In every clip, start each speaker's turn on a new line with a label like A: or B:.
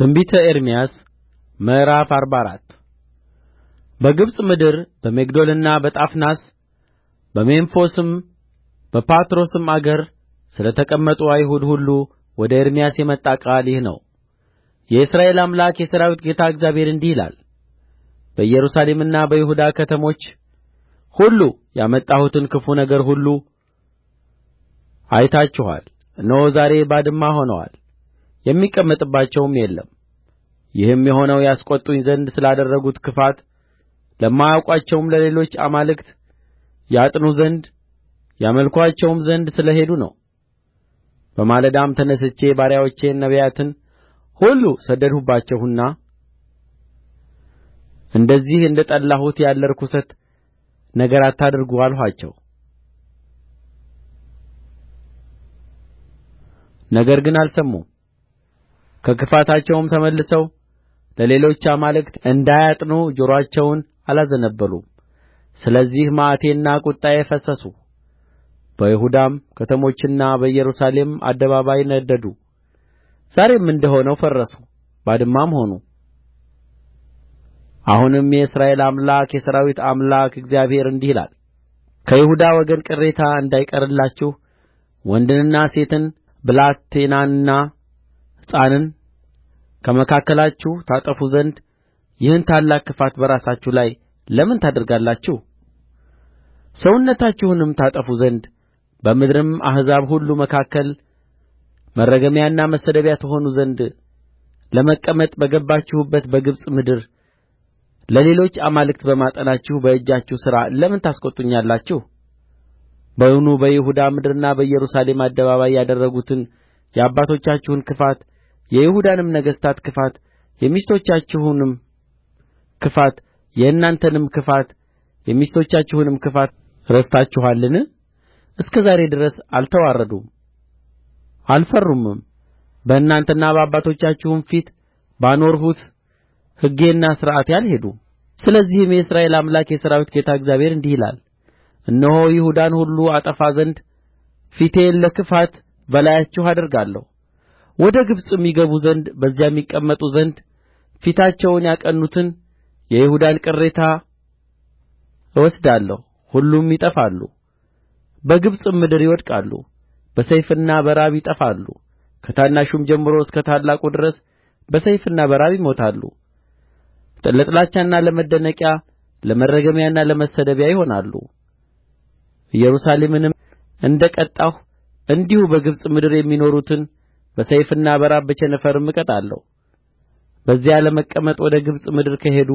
A: ትንቢተ ኤርምያስ ምዕራፍ አርባ አራት በግብጽ ምድር በሚግዶልና በጣፍናስ በሜምፎስም በጳትሮስም አገር ስለ ተቀመጡ አይሁድ ሁሉ ወደ ኤርምያስ የመጣ ቃል ይህ ነው የእስራኤል አምላክ የሠራዊት ጌታ እግዚአብሔር እንዲህ ይላል በኢየሩሳሌምና በይሁዳ ከተሞች ሁሉ ያመጣሁትን ክፉ ነገር ሁሉ አይታችኋል እነሆ ዛሬ ባድማ ሆነዋል የሚቀመጥባቸውም የለም ይህም የሆነው ያስቈጡኝ ዘንድ ስላደረጉት ክፋት ለማያውቋቸውም ለሌሎች አማልክት ያጥኑ ዘንድ ያመልኩአቸውም ዘንድ ስለ ሄዱ ነው በማለዳም ተነሥቼ ባሪያዎቼን ነቢያትን ሁሉ ሰደድሁባቸውና እንደዚህ እንደ ጠላሁት ያለ ርኵሰት ነገር አታድርጉ አልኋቸው ነገር ግን አልሰሙም ከክፋታቸውም ተመልሰው ለሌሎች አማልክት እንዳያጥኑ ጆሮአቸውን አላዘነበሉም ስለዚህ መዓቴና ቍጣዬ ፈሰሱ በይሁዳም ከተሞችና በኢየሩሳሌም አደባባይ ነደዱ ዛሬም እንደ ሆነው ፈረሱ ባድማም ሆኑ አሁንም የእስራኤል አምላክ የሠራዊት አምላክ እግዚአብሔር እንዲህ ይላል ከይሁዳ ወገን ቅሬታ እንዳይቀርላችሁ ወንድንና ሴትን ብላቴናንና ሕፃንን ከመካከላችሁ ታጠፉ ዘንድ ይህን ታላቅ ክፋት በራሳችሁ ላይ ለምን ታደርጋላችሁ ሰውነታችሁንም ታጠፉ ዘንድ በምድርም አሕዛብ ሁሉ መካከል መረገሚያና መሰደቢያ ትሆኑ ዘንድ ለመቀመጥ በገባችሁባት በግብጽ ምድር ለሌሎች አማልክት በማጠናችሁ በእጃችሁ ሥራ ለምን ታስቈጡኛላችሁ በውኑ በይሁዳ ምድርና በኢየሩሳሌም አደባባይ ያደረጉትን የአባቶቻችሁን ክፋት የይሁዳንም ነገሥታት ክፋት የሚስቶቻችሁንም ክፋት የእናንተንም ክፋት የሚስቶቻችሁንም ክፋት ረስታችኋልን እስከ ዛሬ ድረስ አልተዋረዱም አልፈሩምም በእናንተና በአባቶቻችሁም ፊት ባኖርሁት ሕጌና ሥርዓቴ አልሄዱም ስለዚህም የእስራኤል አምላክ የሠራዊት ጌታ እግዚአብሔር እንዲህ ይላል እነሆ ይሁዳን ሁሉ አጠፋ ዘንድ ፊቴን ለክፋት በላያችሁ አደርጋለሁ ወደ ግብጽም ይገቡ ዘንድ በዚያም ይቀመጡ ዘንድ ፊታቸውን ያቀኑትን የይሁዳን ቅሬታ እወስዳለሁ ሁሉም ይጠፋሉ በግብጽም ምድር ይወድቃሉ በሰይፍና በራብ ይጠፋሉ ከታናሹም ጀምሮ እስከ ታላቁ ድረስ በሰይፍና በራብ ይሞታሉ ለጥላቻና ለመደነቂያ ለመረገሚያና ለመሰደቢያ ይሆናሉ ኢየሩሳሌምንም እንደ ቀጣሁ እንዲሁ በግብጽ ምድር የሚኖሩትን በሰይፍና በራብ በቸነፈርም እቀጣለሁ በዚያ ለመቀመጥ ወደ ግብጽ ምድር ከሄዱ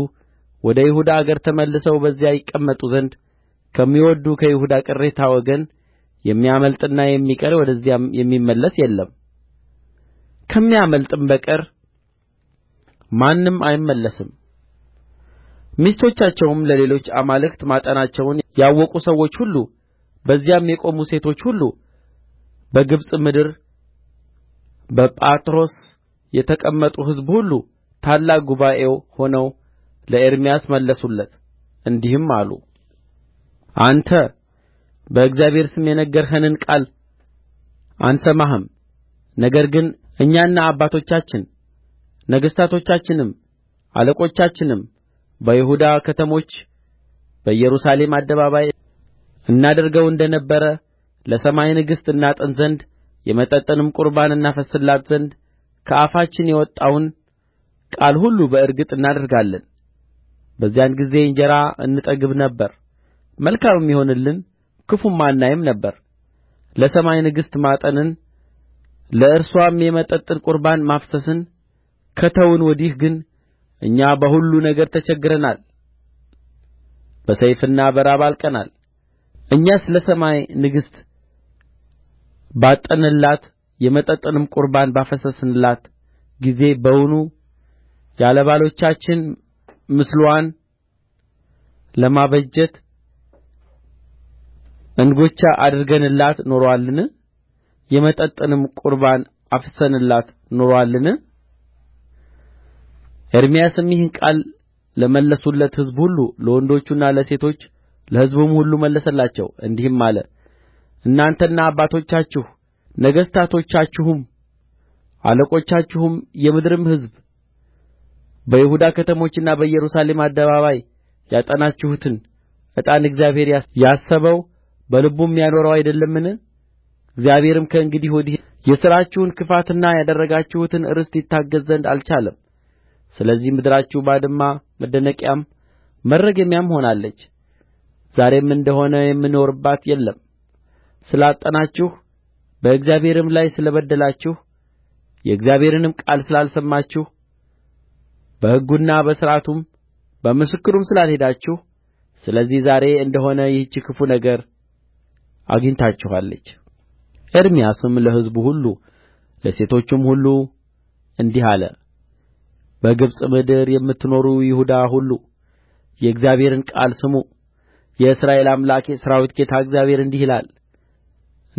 A: ወደ ይሁዳ አገር ተመልሰው በዚያ ይቀመጡ ዘንድ ከሚወድዱ ከይሁዳ ቅሬታ ወገን የሚያመልጥና የሚቀር ወደዚያም የሚመለስ የለም ከሚያመልጥም በቀር ማንም አይመለስም ሚስቶቻቸውም ለሌሎች አማልክት ማጠናቸውን ያወቁ ሰዎች ሁሉ በዚያም የቆሙ ሴቶች ሁሉ በግብጽ ምድር በጳትሮስ የተቀመጡ ሕዝብ ሁሉ ታላቅ ጉባኤ ሆነው ለኤርምያስ መለሱለት እንዲህም አሉ አንተ በእግዚአብሔር ስም የነገርኸንን ቃል አንሰማህም ነገር ግን እኛና አባቶቻችን ነገሥታቶቻችንም አለቆቻችንም በይሁዳ ከተሞች በኢየሩሳሌም አደባባይ እናደርገው እንደ ነበረ ለሰማይ ንግሥት እናጥን ዘንድ የመጠጥንም ቍርባን እናፈስስላት ዘንድ ከአፋችን የወጣውን ቃል ሁሉ በእርግጥ እናደርጋለን በዚያን ጊዜ እንጀራ እንጠግብ ነበር መልካምም ይሆንልን ክፉም አናይም ነበር ለሰማይ ንግሥት ማጠንን ለእርስዋም የመጠጥን ቍርባን ማፍሰስን ከተውን ወዲህ ግን እኛ በሁሉ ነገር ተቸግረናል በሰይፍና በራብ አልቀናል እኛስ ለሰማይ ንግሥት ባጠንንላት የመጠጥንም ቍርባን ባፈሰስንላት ጊዜ በውኑ ያለ ባሎቻችን ምስልዋን ለማበጀት እንጐቻ አድርገንላት ኖሮአልን የመጠጥንም ቍርባን አፍስሰንላት ኖሮአልን ኤርምያስም ይህን ቃል ለመለሱለት ሕዝብ ሁሉ ለወንዶቹና ለሴቶቹ ለሕዝቡም ሁሉ መለሰላቸው እንዲህም አለ እናንተና አባቶቻችሁ ነገሥታቶቻችሁም አለቆቻችሁም የምድርም ሕዝብ በይሁዳ ከተሞችና በኢየሩሳሌም አደባባይ ያጠናችሁትን ዕጣን እግዚአብሔር ያሰበው በልቡም ያኖረው አይደለምን እግዚአብሔርም ከእንግዲህ ወዲህ የሥራችሁን ክፋትና ያደረጋችሁትን ርስት ይታገሥ ዘንድ አልቻለም ስለዚህ ምድራችሁ ባድማ መደነቂያም መረገሚያም ሆናለች ዛሬም እንደ ሆነ የሚኖርባት የለም ስላጠናችሁ በእግዚአብሔርም ላይ ስለ በደላችሁ የእግዚአብሔርንም ቃል ስላልሰማችሁ በሕጉና በሥርዓቱም በምስክሩም ስላልሄዳችሁ ስለዚህ ዛሬ እንደ ሆነ ይህች ክፉ ነገር አግኝታችኋለች ኤርምያስም ለሕዝቡ ሁሉ ለሴቶቹም ሁሉ እንዲህ አለ በግብጽ ምድር የምትኖሩ ይሁዳ ሁሉ የእግዚአብሔርን ቃል ስሙ የእስራኤል አምላክ የሠራዊት ጌታ እግዚአብሔር እንዲህ ይላል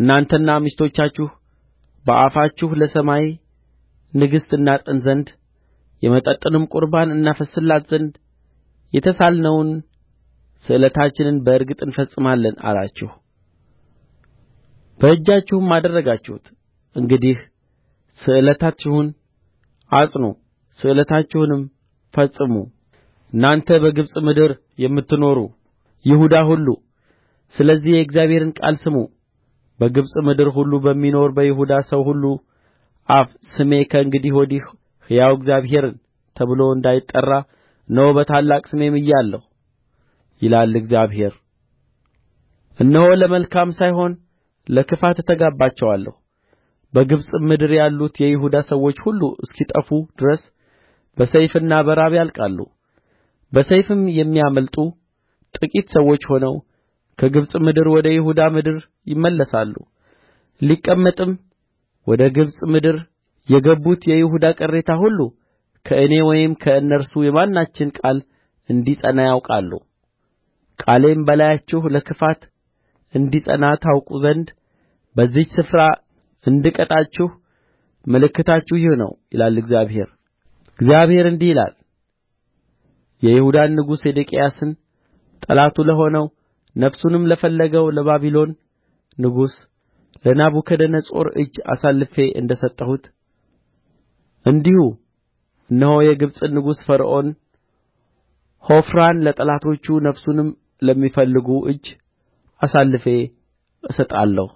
A: እናንተና ሚስቶቻችሁ በአፋችሁ ለሰማይ ንግሥት እናጥን ዘንድ የመጠጥንም ቍርባን እናፈስስላት ዘንድ የተሳልነውን ስእለታችንን በእርግጥ እንፈጽማለን አላችሁ በእጃችሁም አደረጋችሁት እንግዲህ ስእለታችሁን አጽኑ ስእለታችሁንም ፈጽሙ እናንተ በግብጽ ምድር የምትኖሩ ይሁዳ ሁሉ ስለዚህ የእግዚአብሔርን ቃል ስሙ በግብጽ ምድር ሁሉ በሚኖር በይሁዳ ሰው ሁሉ አፍ ስሜ ከእንግዲህ ወዲህ ሕያው እግዚአብሔርን ተብሎ እንዳይጠራ እነሆ በታላቅ ስሜ ምያለሁ ይላል እግዚአብሔር እነሆ ለመልካም ሳይሆን ለክፋት እተጋባቸዋለሁ በግብጽም ምድር ያሉት የይሁዳ ሰዎች ሁሉ እስኪጠፉ ድረስ በሰይፍና በራብ ያልቃሉ በሰይፍም የሚያመልጡ ጥቂት ሰዎች ሆነው ከግብጽ ምድር ወደ ይሁዳ ምድር ይመለሳሉ ሊቀመጥም ወደ ግብጽ ምድር የገቡት የይሁዳ ቅሬታ ሁሉ ከእኔ ወይም ከእነርሱ የማናችን ቃል እንዲጸና ያውቃሉ ቃሌም በላያችሁ ለክፋት እንዲጸና ታውቁ ዘንድ በዚህች ስፍራ እንድቀጣችሁ ምልክታችሁ ይህ ነው ይላል እግዚአብሔር እግዚአብሔር እንዲህ ይላል የይሁዳን ንጉሥ ሴዴቅያስን ጠላቱ ለሆነው ነፍሱንም ለፈለገው ለባቢሎን ንጉሥ ለናቡከደነፆር እጅ አሳልፌ እንደ ሰጠሁት እንዲሁ እነሆ የግብጽን ንጉሥ ፈርዖን ሖፍራን ለጠላቶቹ ነፍሱንም ለሚፈልጉ እጅ አሳልፌ እሰጣለሁ